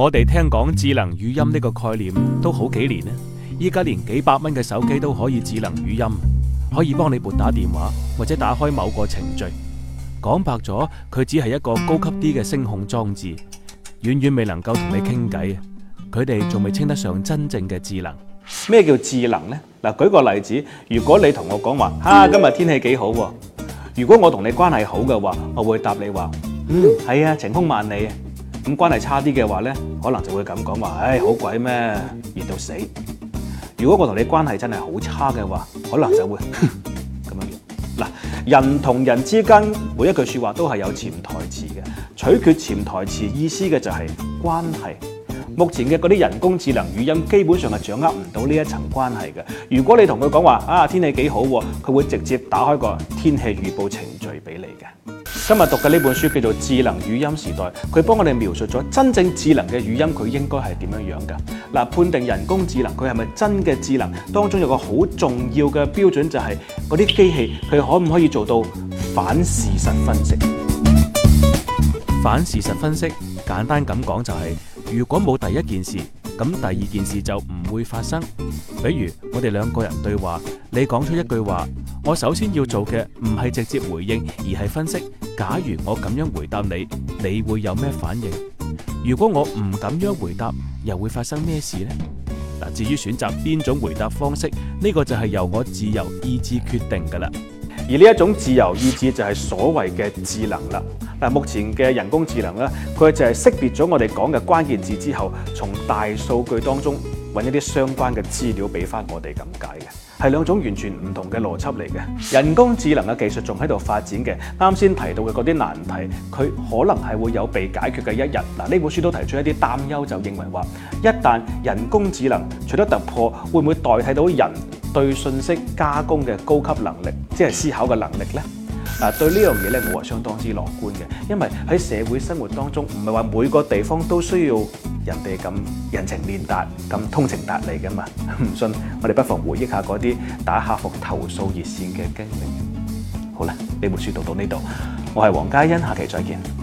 我哋聽講智能語音呢個概念都好幾年啦，依家連幾百蚊嘅手機都可以智能語音，可以幫你撥打電話或者打開某個程序。講白咗，佢只係一個高級啲嘅聲控裝置，遠遠未能夠同你傾偈。佢哋仲未稱得上真正嘅智能。咩叫智能呢？嗱，舉個例子，如果你同我講話，哈，今日天，天氣幾好啊。如果我同你關係好嘅話，我會答你話，嗯，係啊，晴空萬里啊。咁關係差啲嘅話咧，可能就會咁講話，唉、哎，好鬼咩，熱到死！如果我同你關係真係好差嘅話，可能就會咁樣樣。嗱，人同人之間每一句説話都係有潛台詞嘅，取決潛台詞意思嘅就係關係。目前嘅嗰啲人工智能語音基本上係掌握唔到呢一層關係嘅。如果你同佢講話啊，天氣幾好，佢會直接打開個天氣預報程序俾你嘅。今日讀嘅呢本書叫做《智能語音時代》，佢幫我哋描述咗真正智能嘅語音，佢應該係點樣樣噶？嗱，啊，判定人工智能佢係咪真嘅智能，當中有個好重要嘅標準就係嗰啲機器，佢可唔可以做到反事實分析？反事實分析簡單咁講就係、是。如果冇第一件事，咁第二件事就唔會發生。比如我哋兩個人對話，你講出一句話，我首先要做嘅唔係直接回應，而係分析。假如我咁樣回答你，你會有咩反應？如果我唔咁樣回答，又會發生咩事呢？嗱，至於選擇邊種回答方式，呢個就係由我自由意志決定噶啦。而呢一種自由意志就係所謂嘅智能啦。嗱，目前嘅人工智能咧，佢就係識別咗我哋講嘅關鍵字之後，從大數據當中揾一啲相關嘅資料俾翻我哋咁解嘅，係兩種完全唔同嘅邏輯嚟嘅。人工智能嘅技術仲喺度發展嘅，啱先提到嘅嗰啲難題，佢可能係會有被解決嘅一日。嗱，呢本書都提出一啲擔憂，就認為話，一旦人工智能取得突破，會唔會代替到人對信息加工嘅高級能力，即係思考嘅能力呢？啊！對呢樣嘢咧，我係相當之樂觀嘅，因為喺社會生活當中，唔係話每個地方都需要人哋咁人情練達、咁通情達理㗎嘛。唔 信，我哋不妨回憶下嗰啲打客服投訴熱線嘅經歷。好啦，呢本書讀到呢度，我係黃嘉欣，下期再見。